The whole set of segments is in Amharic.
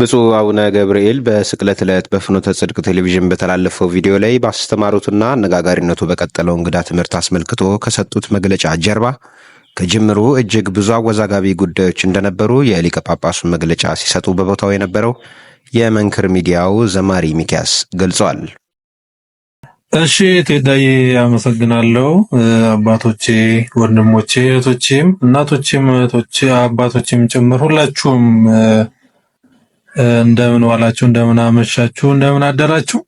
ብፁዕ አቡነ ገብርኤል በስቅለት ዕለት በፍኖተ ጽድቅ ቴሌቪዥን በተላለፈው ቪዲዮ ላይ ባስተማሩትና አነጋጋሪነቱ በቀጠለው እንግዳ ትምህርት አስመልክቶ ከሰጡት መግለጫ ጀርባ ከጅምሩ እጅግ ብዙ አወዛጋቢ ጉዳዮች እንደነበሩ የሊቀ ጳጳሱን መግለጫ ሲሰጡ በቦታው የነበረው የመንክር ሚዲያው ዘማሪ ሚኪያስ ገልጿል። እሺ ቴዳዬ አመሰግናለሁ። አባቶቼ፣ ወንድሞቼ፣ እህቶቼም፣ እናቶቼም፣ እህቶቼ፣ አባቶቼም ጭምር ሁላችሁም እንደምን ዋላችሁ፣ እንደምን አመሻችሁ፣ እንደምን አደራችሁ።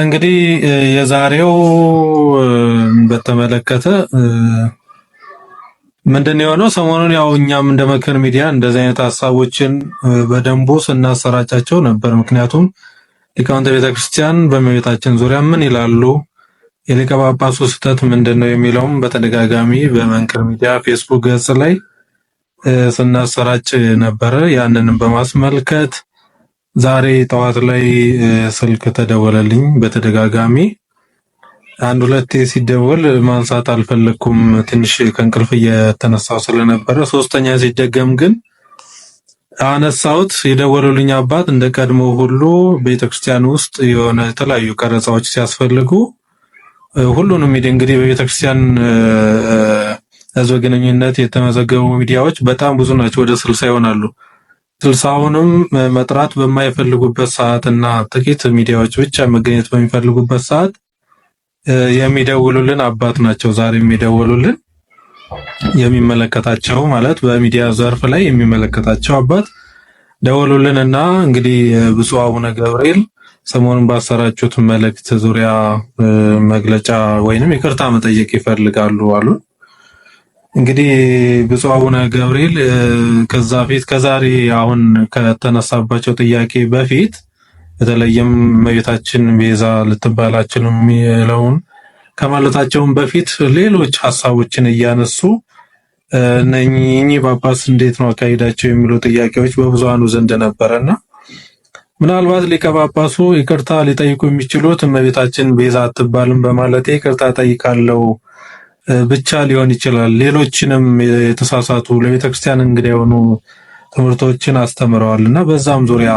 እንግዲህ የዛሬው በተመለከተ ምንድን ነው የሆነው? ሰሞኑን ያው እኛም እንደ መክር ሚዲያ እንደዚህ አይነት ሀሳቦችን በደንቡ ስናሰራጫቸው ነበር። ምክንያቱም ሊቃውንተ ቤተክርስቲያን በእመቤታችን ዙሪያ ምን ይላሉ፣ የሊቀ ጳጳሱ ስህተት ምንድን ነው የሚለውም በተደጋጋሚ በመንክር ሚዲያ ፌስቡክ ገጽ ላይ ስናሰራጭ ነበረ። ያንንም በማስመልከት ዛሬ ጠዋት ላይ ስልክ ተደወለልኝ። በተደጋጋሚ አንድ ሁለቴ ሲደወል ማንሳት አልፈለግኩም፣ ትንሽ ከእንቅልፍ እየተነሳው ስለነበረ። ሶስተኛ ሲደገም ግን አነሳሁት። የደወሉልኝ አባት እንደ ቀድሞ ሁሉ ቤተክርስቲያን ውስጥ የሆነ የተለያዩ ቀረጻዎች ሲያስፈልጉ ሁሉንም እንግዲህ በቤተክርስቲያን ህዝብ ግንኙነት የተመዘገቡ ሚዲያዎች በጣም ብዙ ናቸው፣ ወደ ስልሳ ይሆናሉ። ስልሳውንም መጥራት በማይፈልጉበት ሰዓት እና ጥቂት ሚዲያዎች ብቻ መገኘት በሚፈልጉበት ሰዓት የሚደውሉልን አባት ናቸው። ዛሬ የሚደውሉልን የሚመለከታቸው ማለት በሚዲያ ዘርፍ ላይ የሚመለከታቸው አባት ደውሉልን እና እንግዲህ ብፁዕ አቡነ ገብርኤል ሰሞኑን ባሰራጩት መልእክት ዙሪያ መግለጫ ወይንም ይቅርታ መጠየቅ ይፈልጋሉ አሉን። እንግዲህ ብፁዕ አቡነ ገብርኤል ከዛ ፊት ከዛሬ አሁን ከተነሳባቸው ጥያቄ በፊት በተለይም እመቤታችን ቤዛ ልትባል አትችልም የሚለውን ከማለታቸውን በፊት ሌሎች ሀሳቦችን እያነሱ እነኚህ ጳጳስ እንዴት ነው አካሄዳቸው የሚሉ ጥያቄዎች በብዙሃኑ ዘንድ ነበረና ምናልባት ሊቀ ጳጳሱ ይቅርታ ሊጠይቁ የሚችሉት እመቤታችን ቤዛ አትባልም በማለቴ ይቅርታ ጠይቃለሁ ብቻ ሊሆን ይችላል። ሌሎችንም የተሳሳቱ ለቤተክርስቲያን እንግዳ የሆኑ ትምህርቶችን አስተምረዋል እና በዛም ዙሪያ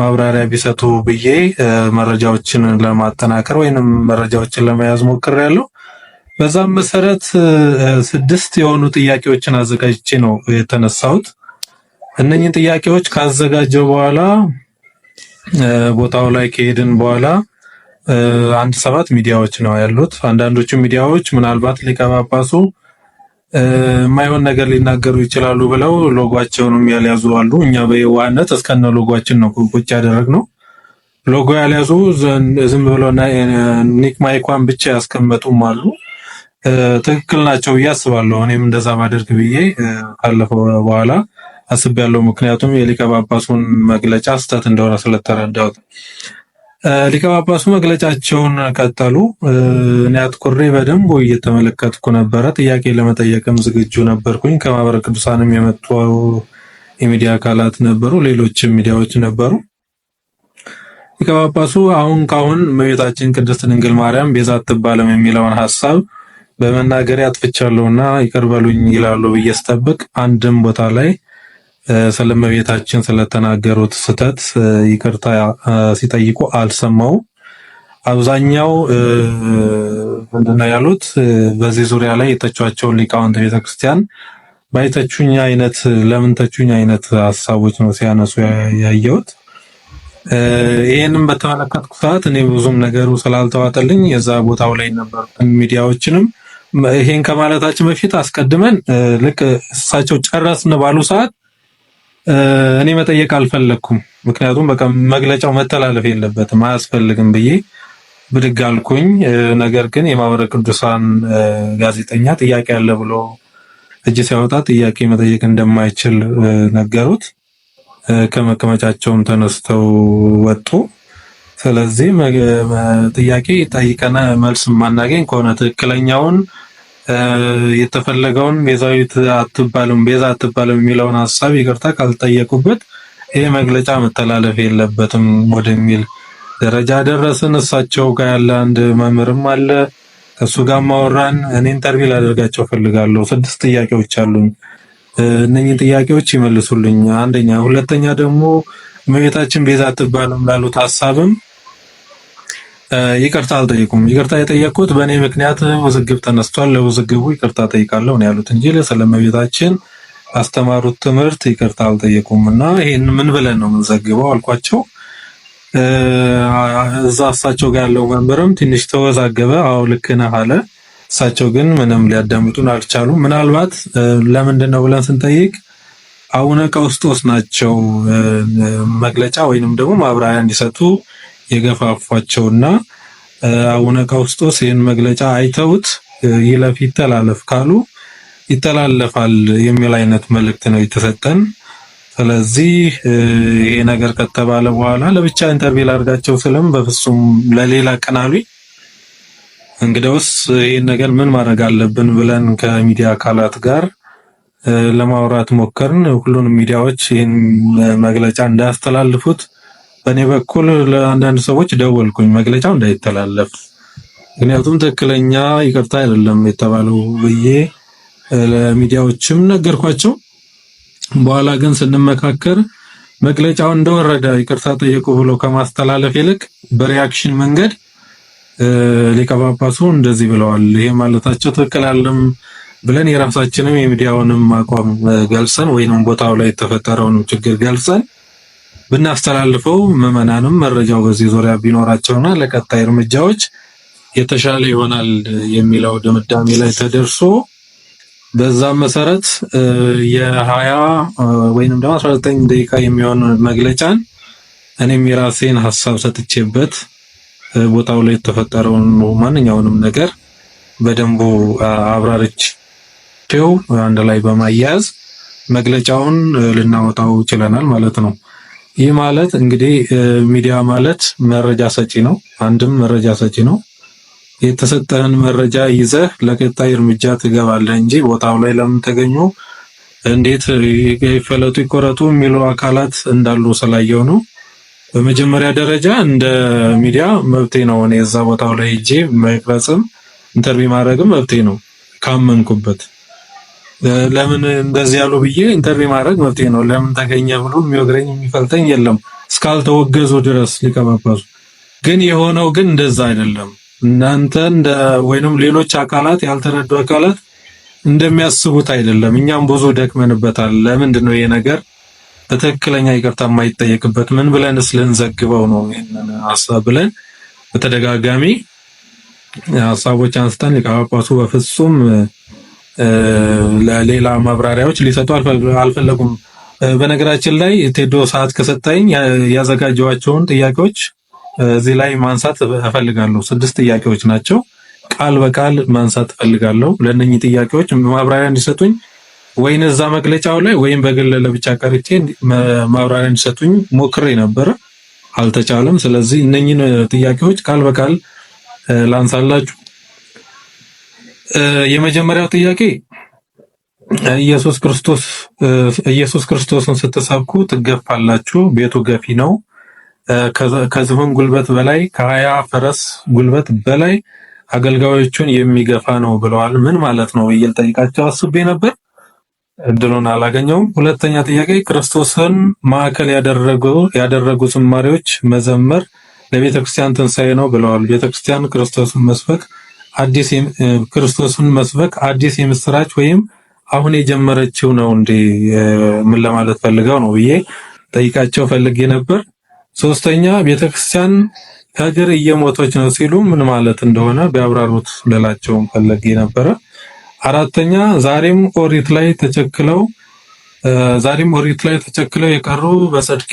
ማብራሪያ ቢሰጡ ብዬ መረጃዎችን ለማጠናከር ወይንም መረጃዎችን ለመያዝ ያለው። በዛም መሰረት ስድስት የሆኑ ጥያቄዎችን አዘጋጅቼ ነው የተነሳሁት። እነኝህን ጥያቄዎች ካዘጋጀው በኋላ ቦታው ላይ ከሄድን በኋላ አንድ ሰባት ሚዲያዎች ነው ያሉት። አንዳንዶቹ ሚዲያዎች ምናልባት ሊቀ ጳጳሱ የማይሆን ነገር ሊናገሩ ይችላሉ ብለው ሎጓቸውንም ያልያዙ አሉ። እኛ በየዋህነት እስከነ ሎጓችን ነው ቁጭ ነው። ሎጎ ያልያዙ ዝም ብለው ኒክ ማይኳን ብቻ ያስቀመጡም አሉ። ትክክል ናቸው ብዬ አስባለሁ። እኔም እንደዛ ባደርግ ብዬ ካለፈው በኋላ አስቤያለሁ። ምክንያቱም የሊቀ ጳጳሱን መግለጫ ስህተት እንደሆነ ስለተረዳሁት ሊቀ ጳጳሱ መግለጫቸውን ቀጠሉ። እኔ አትኩሬ በደንብ እየተመለከትኩ ነበረ። ጥያቄ ለመጠየቅም ዝግጁ ነበርኩኝ። ከማህበረ ቅዱሳንም የመጡ የሚዲያ አካላት ነበሩ፣ ሌሎችም ሚዲያዎች ነበሩ። ሊቀ ጳጳሱ አሁን ካሁን እመቤታችን ቅድስት ድንግል ማርያም ቤዛ አትባልም የሚለውን ሀሳብ በመናገሬ አጥፍቻለሁና ይቅር ይላሉ ብዬ ስጠብቅ አንድም ቦታ ላይ ስለ ቤታችን ስለተናገሩት ስህተት ይቅርታ ሲጠይቁ አልሰማውም። አብዛኛው ምንድነው ያሉት? በዚህ ዙሪያ ላይ የተቿቸውን ሊቃውንት ቤተክርስቲያን ባይተቹኝ አይነት ለምን ተቹኝ አይነት ሀሳቦች ነው ሲያነሱ ያየሁት። ይህንም በተመለከትኩ ሰዓት እኔ ብዙም ነገሩ ስላልተዋጠልኝ የዛ ቦታው ላይ ነበር። ሚዲያዎችንም ይሄን ከማለታችን በፊት አስቀድመን ልክ እሳቸው ጨረስን ባሉ ሰዓት እኔ መጠየቅ አልፈለግኩም። ምክንያቱም በቃ መግለጫው መተላለፍ የለበትም አያስፈልግም ብዬ ብድግ አልኩኝ። ነገር ግን የማህበረ ቅዱሳን ጋዜጠኛ ጥያቄ አለ ብሎ እጅ ሲያወጣ ጥያቄ መጠየቅ እንደማይችል ነገሩት። ከመቀመጫቸውም ተነስተው ወጡ። ስለዚህ ጥያቄ ጠይቀና መልስ ማናገኝ ከሆነ ትክክለኛውን የተፈለገውን ቤዛዊት አትባልም ቤዛ አትባልም የሚለውን ሀሳብ ይቅርታ ካልጠየቁበት ይሄ መግለጫ መተላለፍ የለበትም ወደሚል ደረጃ ደረስን። እሳቸው ጋር ያለ አንድ መምህርም አለ ከሱ ጋር ማወራን። እኔ ኢንተርቪው ላደርጋቸው ፈልጋለሁ። ስድስት ጥያቄዎች አሉኝ። እነኚህ ጥያቄዎች ይመልሱልኝ። አንደኛ፣ ሁለተኛ ደግሞ እመቤታችን ቤዛ አትባልም ላሉት ሀሳብም ይቅርታ አልጠይቁም። ይቅርታ የጠየቅኩት በእኔ ምክንያት ውዝግብ ተነስቷል፣ ለውዝግቡ ይቅርታ ጠይቃለሁ ነው ያሉት እንጂ ስለእመቤታችን አስተማሩት ትምህርት ይቅርታ አልጠየቁም። እና ይህን ምን ብለን ነው የምንዘግበው አልኳቸው። እዛ እሳቸው ጋር ያለው መንበርም ትንሽ ተወዛገበ። አዎ ልክ ነህ አለ። እሳቸው ግን ምንም ሊያዳምጡን አልቻሉም። ምናልባት ለምንድን ነው ብለን ስንጠይቅ አቡነ ቀውስጦስ ናቸው መግለጫ ወይንም ደግሞ ማብራሪያ እንዲሰጡ የገፋፏቸውና አቡነ ቀውስጦስ ይህን መግለጫ አይተውት ይለፍ ይተላለፍ ካሉ ይተላለፋል የሚል አይነት መልእክት ነው የተሰጠን። ስለዚህ ይሄ ነገር ከተባለ በኋላ ለብቻ ኢንተርቪው ላድርጋቸው ስለም በፍጹም ለሌላ ቀን አሉኝ። እንግዲያውስ ይሄን ነገር ምን ማድረግ አለብን ብለን ከሚዲያ አካላት ጋር ለማውራት ሞከርን። ሁሉንም ሚዲያዎች ይህን መግለጫ እንዳያስተላልፉት በእኔ በኩል ለአንዳንድ ሰዎች ደወልኩኝ መግለጫው እንዳይተላለፍ ምክንያቱም ትክክለኛ ይቅርታ አይደለም የተባለው ብዬ ለሚዲያዎችም ነገርኳቸው። በኋላ ግን ስንመካከር መግለጫው እንደወረደ ይቅርታ ጠየቁ ብሎ ከማስተላለፍ ይልቅ በሪያክሽን መንገድ ሊቀ ጳጳሱ እንደዚህ ብለዋል፣ ይሄ ማለታቸው ትክክል አለም ብለን የራሳችንም የሚዲያውንም አቋም ገልጸን ወይንም ቦታው ላይ የተፈጠረውን ችግር ገልጸን ብናስተላልፈው ምዕመናንም መረጃው በዚህ ዙሪያ ቢኖራቸውና ለቀጣይ እርምጃዎች የተሻለ ይሆናል የሚለው ድምዳሜ ላይ ተደርሶ በዛም መሰረት የሀያ ወይንም ደግሞ 19 ደቂቃ የሚሆን መግለጫን እኔም የራሴን ሀሳብ ሰጥቼበት ቦታው ላይ የተፈጠረውን ማንኛውንም ነገር በደንቡ አብራርቼው አንድ ላይ በማያያዝ መግለጫውን ልናወጣው ችለናል ማለት ነው። ይህ ማለት እንግዲህ ሚዲያ ማለት መረጃ ሰጪ ነው። አንድም መረጃ ሰጪ ነው። የተሰጠህን መረጃ ይዘህ ለቀጣይ እርምጃ ትገባለህ እንጂ ቦታው ላይ ለምን ተገኙ፣ እንዴት ይፈለጡ፣ ይቆረጡ የሚሉ አካላት እንዳሉ ስላየው ነው። በመጀመሪያ ደረጃ እንደ ሚዲያ መብቴ ነው። እኔ እዛ ቦታው ላይ ሄጄ መቅረጽም ኢንተርቪው ማድረግም መብቴ ነው ካመንኩበት ለምን እንደዚህ ያሉ ብዬ ኢንተርቪው ማድረግ መብቴ ነው። ለምን ተገኘ ብሎ የሚወግረኝ የሚፈልጠኝ የለም እስካልተወገዙ ድረስ ሊቀመበሱ ግን የሆነው ግን እንደዛ አይደለም። እናንተ እንደ ወይንም ሌሎች አካላት ያልተረዱ አካላት እንደሚያስቡት አይደለም። እኛም ብዙ ደክመንበታል። ለምንድን ነው ይሄ ነገር በትክክለኛ ይቅርታ የማይጠየቅበት? ምን ብለንስ ልንዘግበው ነው? ይሄንን ሀሳብ ብለን በተደጋጋሚ ሀሳቦች አንስተን ሊቀ ጳጳሱ በፍጹም ለሌላ ማብራሪያዎች ሊሰጡ አልፈለጉም። በነገራችን ላይ ቴዶ ሰዓት ከሰጠኝ ያዘጋጀዋቸውን ጥያቄዎች እዚህ ላይ ማንሳት እፈልጋለሁ። ስድስት ጥያቄዎች ናቸው። ቃል በቃል ማንሳት እፈልጋለሁ። ለእነኚህ ጥያቄዎች ማብራሪያ እንዲሰጡኝ ወይን እዛ መግለጫው ላይ ወይም በግል ለብቻ ቀርቼ ማብራሪያ እንዲሰጡኝ ሞክሬ ነበረ፣ አልተቻለም። ስለዚህ እነኚህን ጥያቄዎች ቃል በቃል ላንሳላችሁ። የመጀመሪያው ጥያቄ ኢየሱስ ክርስቶስ ኢየሱስ ክርስቶስን ስትሰብኩ ትገፋላችሁ፣ ቤቱ ገፊ ነው። ከዝሆን ጉልበት በላይ ከሀያ ፈረስ ጉልበት በላይ አገልጋዮቹን የሚገፋ ነው ብለዋል። ምን ማለት ነው ብዬ ልጠይቃቸው አስቤ ነበር፣ እድሉን አላገኘውም። ሁለተኛ ጥያቄ ክርስቶስን ማዕከል ያደረጉ ያደረጉ ዝማሬዎች መዘመር ለቤተክርስቲያን ትንሣኤ ነው ብለዋል። ቤተክርስቲያን ክርስቶስን መስበክ አዲስ ክርስቶስን መስበክ አዲስ የምስራች ወይም አሁን የጀመረችው ነው እንዴ? ምን ለማለት ፈልገው ነው ብዬ ጠይቃቸው ፈልጌ ነበር። ሶስተኛ ቤተክርስቲያን ከእግር እየሞቶች ነው ሲሉ ምን ማለት እንደሆነ ቢያብራሩት ልላቸው ፈልጌ ነበረ። አራተኛ ዛሬም ኦሪት ላይ ተቸክለው ዛሬም ኦሪት ላይ ተቸክለው የቀሩ በጽድቄ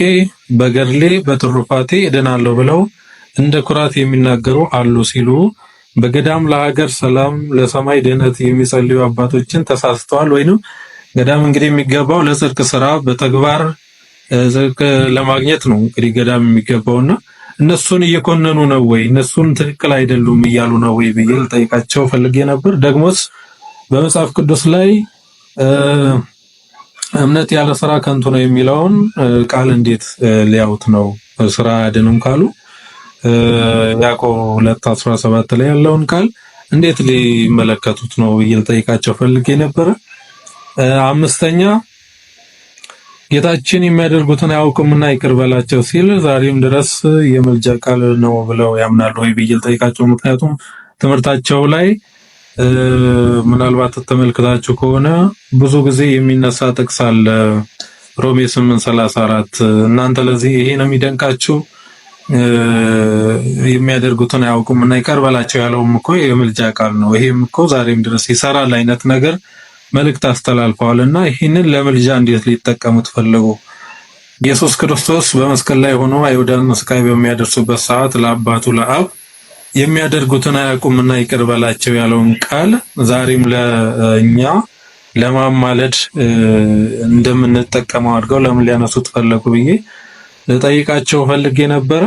በገድሌ በትሩፋቴ እድናለሁ ብለው እንደ ኩራት የሚናገሩ አሉ ሲሉ በገዳም ለሀገር ሰላም ለሰማይ ደህነት የሚጸልዩ አባቶችን ተሳስተዋል ወይንም ገዳም እንግዲህ የሚገባው ለጽድቅ ስራ በተግባር ጽድቅ ለማግኘት ነው። እንግዲህ ገዳም የሚገባውና እነሱን እየኮነኑ ነው ወይ እነሱን ትክክል አይደሉም እያሉ ነው ወይ ብዬ ልጠይቃቸው ፈልጌ ነበር። ደግሞስ በመጽሐፍ ቅዱስ ላይ እምነት ያለ ስራ ከንቱ ነው የሚለውን ቃል እንዴት ሊያውት ነው? ስራ አያድንም ካሉ ያዕቆብ ሁለት አስራ ሰባት ላይ ያለውን ቃል እንዴት ሊመለከቱት ነው ብዬ ልጠይቃቸው ፈልጌ ነበረ። አምስተኛ ጌታችን የሚያደርጉትን አያውቁምና ይቅር በላቸው ሲል ዛሬም ድረስ የምልጃ ቃል ነው ብለው ያምናሉ ወይ ብዬ ልጠይቃቸው። ምክንያቱም ትምህርታቸው ላይ ምናልባት ተመልክታችሁ ከሆነ ብዙ ጊዜ የሚነሳ ጥቅስ አለ ሮሜ 8:34 እናንተ ለዚህ ይሄ ነው የሚደንቃችሁ የሚያደርጉትን አያውቁም እና ይቀርበላቸው ያለውም እኮ የምልጃ ቃል ነው። ይሄም እኮ ዛሬም ድረስ ይሰራል አይነት ነገር መልእክት አስተላልፈዋል እና ይህንን ለምልጃ እንዴት ሊጠቀሙት ፈለጉ? ኢየሱስ ክርስቶስ በመስቀል ላይ ሆኖ አይሁዳን ስቃይ በሚያደርሱበት ሰዓት ለአባቱ ለአብ የሚያደርጉትን አያውቁምና በላቸው ያለውን ቃል ዛሬም ለእኛ ለማማለድ እንደምንጠቀመው አድርገው ለምን ሊያነሱት ፈለጉ ብዬ ልጠይቃቸው ፈልጌ ነበረ።